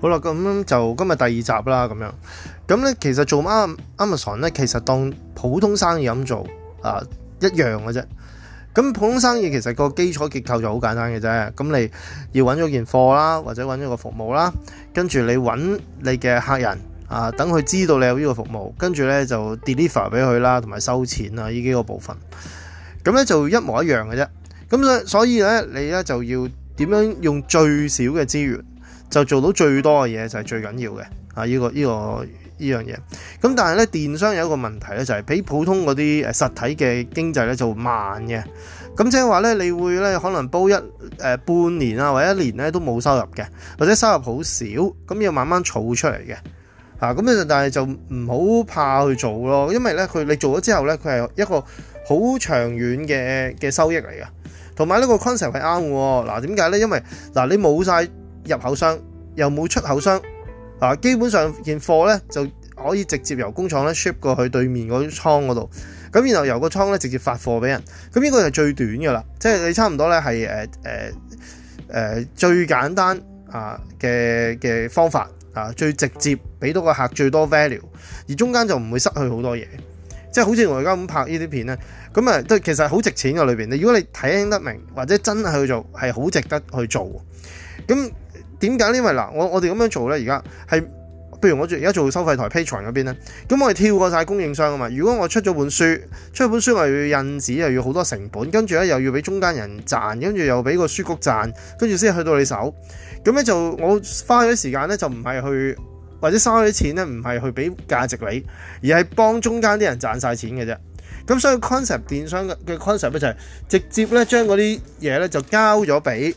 好啦，咁就今日第二集啦，咁樣，咁咧其實做 Amazon 咧，其實當普通生意咁做啊，一樣嘅啫。咁普通生意其實個基礎結構就好簡單嘅啫。咁你要揾咗件貨啦，或者揾咗個服務啦，跟住你揾你嘅客人啊，等佢知道你有呢個服務，跟住咧就 deliver 俾佢啦，同埋收錢啊，呢幾個部分，咁咧就一模一樣嘅啫。咁所以咧，你咧就要點樣用最少嘅資源，就做到最多嘅嘢就係、是、最緊要嘅啊！呢、這個呢、這個呢樣嘢咁，但係咧電商有一個問題咧，就係、是、比普通嗰啲誒實體嘅經濟咧就慢嘅。咁即係話咧，你會咧可能煲一、呃、半年啊，或者一年咧都冇收入嘅，或者收入好少咁，要慢慢儲出嚟嘅嚇咁咧。但係就唔好怕去做咯，因為咧佢你做咗之後咧，佢係一個好長遠嘅嘅收益嚟嘅。同埋、啊、呢個 concept 係啱喎，嗱。點解咧？因為嗱、啊、你冇晒。入口商又冇出口商啊，基本上件貨呢就可以直接由工廠咧 ship 過去對面嗰啲倉嗰度，咁然後由個倉咧直接發貨俾人，咁呢個就最短噶啦，即係你差唔多呢係、呃呃呃、最簡單啊嘅嘅方法啊，最直接俾到個客最多 value，而中間就唔會失去好多嘢，即係好似我而家咁拍呢啲片呢，咁啊都其實好值錢，個裏邊，你如果你睇得明，或者真係去做係好值得去做，咁。點解呢？因為嗱，我我哋咁樣做咧，而家係，譬如我而家做收費台 platform 嗰邊咧，咁我係跳過晒供應商啊嘛。如果我出咗本書，出一本書我又要印紙，又要好多成本，跟住咧又要俾中間人賺，跟住又俾個書局賺，跟住先去到你手。咁咧就我花咗啲時間咧，就唔係去或者嘥咗啲錢咧，唔係去俾價值你，而係幫中間啲人賺晒錢嘅啫。咁所以 concept 電商嘅 concept 咧就係直接咧將嗰啲嘢咧就交咗俾。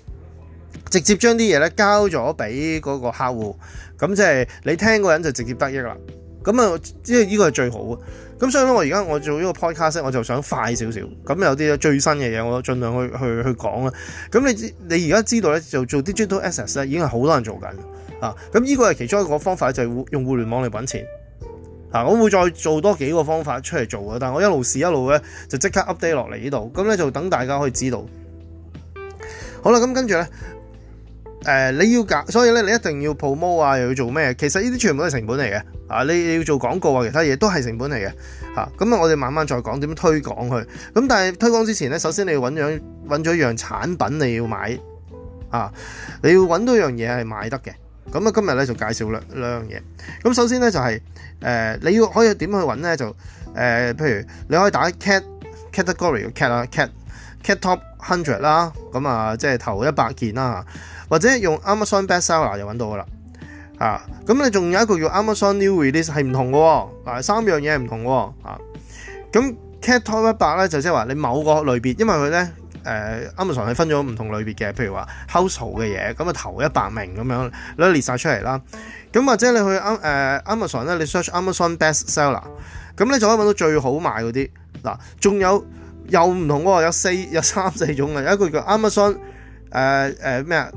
直接將啲嘢咧交咗俾嗰個客戶，咁即係你聽嗰人就直接得益啦。咁啊，即係呢個係最好嘅。咁所以咧，我而家我做呢個 podcast，我就想快少少。咁有啲最新嘅嘢，我盡量去去去講啦。咁你你而家知道咧，就做 digital assets 咧，已經係好多人做緊啊。咁呢個係其中一個方法，就係、是、用互聯網嚟揾錢啊。我會再做多幾個方法出嚟做嘅，但係我一路試一路咧，就即刻 update 落嚟呢度。咁咧就等大家可以知道。好啦，咁跟住咧。誒、呃、你要搞，所以咧你一定要 promo 啊，又要做咩？其實呢啲全部都係成本嚟嘅，啊，你要做廣告啊，其他嘢都係成本嚟嘅，咁啊，我哋慢慢再講點樣推廣佢。咁、啊、但係推廣之前咧，首先你要揾咗一樣產品你要買，啊，你要揾到樣嘢係買得嘅。咁啊，今日咧就介紹兩兩樣嘢。咁、啊、首先咧就係、是、誒、呃、你要可以點去揾咧就誒、呃，譬如你可以打 cat category cat 啊 cat, CAT。cat top hundred 啦，咁啊即係頭一百件啦，或者用 Amazon bestseller 就揾到噶啦，咁、啊、你仲有一個叫 Amazon new release 係唔同嘅，嗱、啊、三樣嘢係唔同嘅，啊咁 cat top 一百咧就即係話你某個類別，因為佢咧、呃、Amazon 係分咗唔同類別嘅，譬如話 household 嘅嘢，咁啊頭一百名咁樣列晒出嚟啦，咁或者你去、呃、Amazon 咧，你 search Amazon bestseller，咁你就可以揾到最好賣嗰啲，嗱、啊、仲有。又唔同喎，有四有三四種啊，有一個叫 Amazon 誒誒咩啊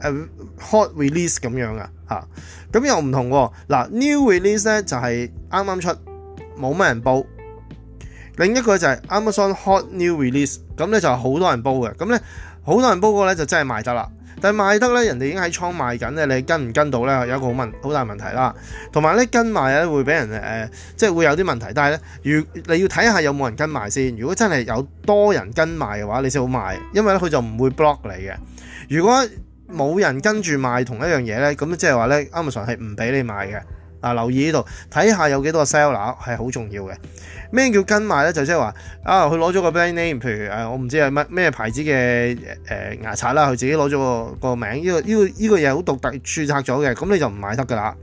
Hot Release 咁樣啊嚇，咁又唔同嗱、啊、New Release 咧就係啱啱出冇乜人煲，另一個就係 Amazon Hot New Release，咁咧就係好多人煲嘅，咁咧好多人煲過咧就真係賣得啦。但係賣得咧，人哋已經喺倉賣緊咧，你跟唔跟到咧？有一個好問好大問題啦。同埋咧跟賣咧會俾人、呃、即係會有啲問題。但係咧，如你要睇下有冇人跟賣先。如果真係有多人跟賣嘅話，你先好賣，因為咧佢就唔會 block 你嘅。如果冇人跟住賣同一樣嘢咧，咁即係話咧 Amazon 係唔俾你賣嘅。看看就是、啊！留意呢度，睇下有幾多個 seller 係好重要嘅。咩叫跟賣咧？就即係話啊，佢攞咗個 brand name，譬如、呃、我唔知係乜咩牌子嘅、呃、牙刷啦，佢自己攞咗個,個名，呢個呢個呢個嘢好獨特註冊咗嘅，咁你就唔買得㗎啦。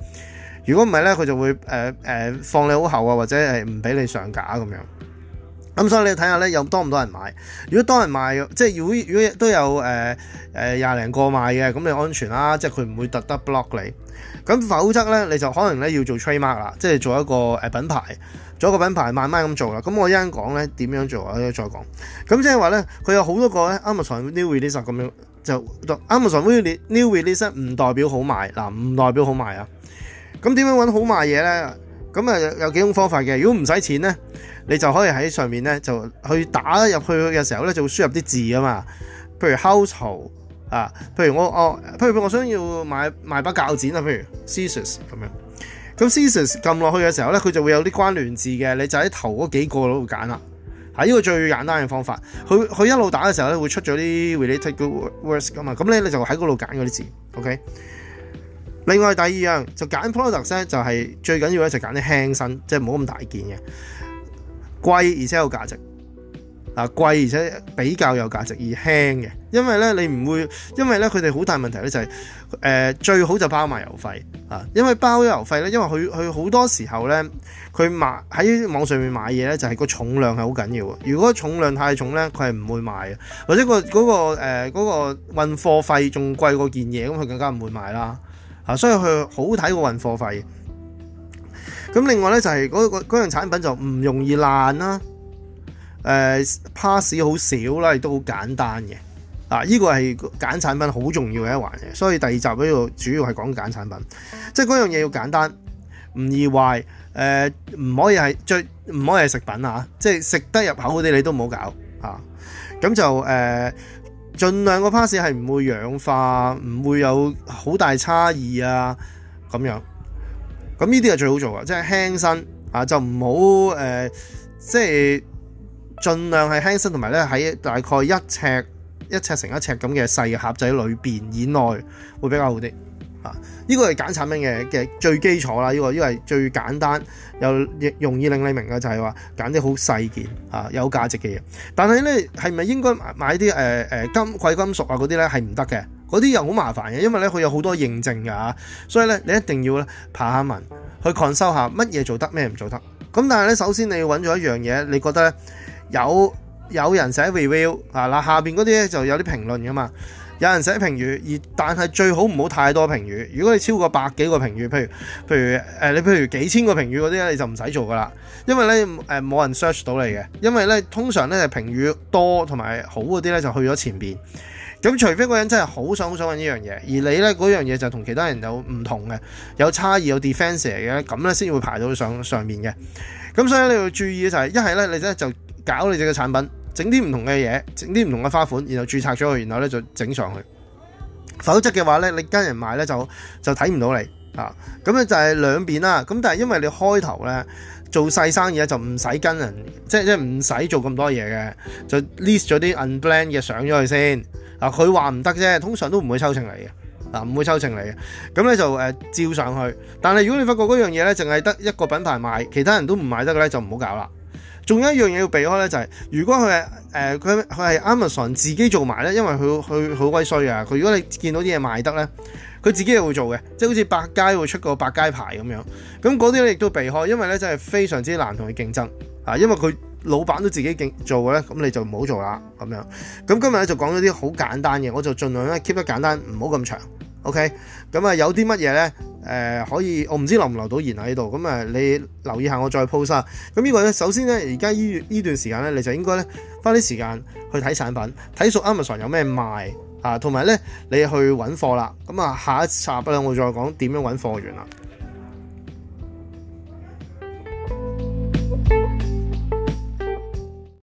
如果唔係咧，佢就會誒、呃呃、放你好後啊，或者係唔俾你上架咁樣。咁所以你睇下咧，有多唔多人買。如果多人買，即係如果如果都有誒誒廿零個買嘅，咁你安全啦，即係佢唔會特登 block 你。咁否則咧，你就可能咧要做 trademark 啦，即係做一個、呃、品牌，做一個品牌慢慢咁做啦。咁我一陣講咧點樣做，我一陣再講。咁即係話咧，佢有好多個咧 Amazon new release 咁樣，就 Amazon new release 唔代表好賣，嗱唔代表好賣啊。咁點樣揾好賣嘢咧？咁啊，有幾種方法嘅。如果唔使錢咧，你就可以喺上面咧就去打入去嘅時候咧，就會輸入啲字啊嘛。譬如 house 啊，譬如我哦，譬如我想要買買一把鉸剪啊，譬如 scissors 咁樣。咁 scissors 撳落去嘅時候咧，佢就會有啲關聯字嘅，你就喺頭嗰幾個度揀啦。喺、啊、呢、呢個最簡單嘅方法，佢佢一路打嘅時候咧會出咗啲 related words 噶嘛。咁你你就喺嗰度揀嗰啲字，OK。另外第二樣就揀 product set，就係最緊要咧就揀啲輕身，即係唔好咁大件嘅貴，而且有價值啊貴而且比較有價值而輕嘅，因為咧你唔會，因為咧佢哋好大問題咧就係誒最好就包埋郵費啊，因為包咗郵費咧，因為佢佢好多時候咧佢買喺網上面買嘢咧就係個重量係好緊要喎。如果重量太重咧，佢係唔會買嘅，或者個嗰個誒嗰個運貨費仲貴過件嘢，咁佢更加唔會買啦。啊，所以佢好睇個運貨費。咁另外咧就係、是、嗰、那個那樣產品就唔容易爛啦，啊，誒 pass 好少啦，啊，亦都好簡單嘅。啊，呢個係揀產品好重要嘅一環嘅，所以第二集呢度主要係講揀產品，即係嗰樣嘢要簡單，唔易壞，誒、呃、唔可以係最唔可以係食品啊，即係食得入口嗰啲你都唔好搞啊。咁就誒。呃盡量個 pass 係唔會氧化，唔會有好大差異啊咁樣。咁呢啲係最好做嘅，即係輕身啊，就唔好誒，即係盡量係輕身，同埋咧喺大概一尺一尺成一尺咁嘅細嘅盒仔裏邊以內，會比較好啲。呢、個係揀產品嘅嘅最基礎啦，呢、個係最簡單又容易令你明嘅就係話揀啲好細件啊，有價值嘅嘢。但係呢，係咪應該買啲誒誒金、貴金屬啊嗰啲呢係唔得嘅，嗰啲又好麻煩嘅，因為呢，佢有好多認證嘅啊，所以呢，你一定要咧爬下文去 consult 下乜嘢做得咩唔做得。咁但係呢，首先你要揾咗一樣嘢，你覺得咧有有人寫 review 啊，嗱下邊嗰啲咧就有啲評論嘅嘛。有人寫評語，而但係最好唔好太多評語。如果你超過百幾個評語，譬如譬如誒，你譬如幾千個評語嗰啲咧，你就唔使做噶啦。因為咧誒冇人 search 到你嘅。因為咧通常咧係評語多同埋好嗰啲咧就去咗前面。咁除非個人真係好想好想揾呢樣嘢，而你咧嗰樣嘢就同其他人有唔同嘅，有差異有 defense 嚟嘅，咁咧先會排到上上面嘅。咁所以你要注意嘅就係一係咧你咧就搞你哋嘅產品。整啲唔同嘅嘢，整啲唔同嘅花款，然後註冊咗佢，然後咧就整上去。否則嘅話咧，你跟人賣咧就就睇唔到你啊。咁咧就係兩邊啦。咁但係因為你開頭咧做細生意咧就唔使跟人，即係即係唔使做咁多嘢嘅，就 list 咗啲 unbrand 嘅上咗去先。啊，佢話唔得啫，通常都唔會抽成嚟嘅，啊，唔會抽成嚟嘅。咁咧就，呃，照上去。但係如果你發覺嗰樣嘢咧淨係得一個品牌賣，其他人都唔買得嘅咧，就唔好搞啦。仲有一樣嘢要避開咧，就係如果佢係誒佢佢係 Amazon 自己做埋咧，因為佢佢好鬼衰啊！佢如果你見到啲嘢賣得咧，佢自己又會做嘅，即係好似百佳會出個百佳牌咁樣。咁嗰啲咧亦都避開，因為咧真係非常之難同佢競爭啊！因為佢老闆都自己勁做咧，咁你就唔好做啦咁樣。咁今日咧就講咗啲好簡單嘅，我就儘量咧 keep 得簡單，唔好咁長。O K，咁啊有啲乜嘢咧？誒可以我唔知能能留唔留到言喺度，咁啊你留意下我再 post 咁呢個咧，首先咧，而家依呢段時間咧，你就應該咧花啲時間去睇產品，睇熟 Amazon 有咩賣啊，同埋咧你去揾貨啦。咁啊下一集我再講點樣揾貨源啦。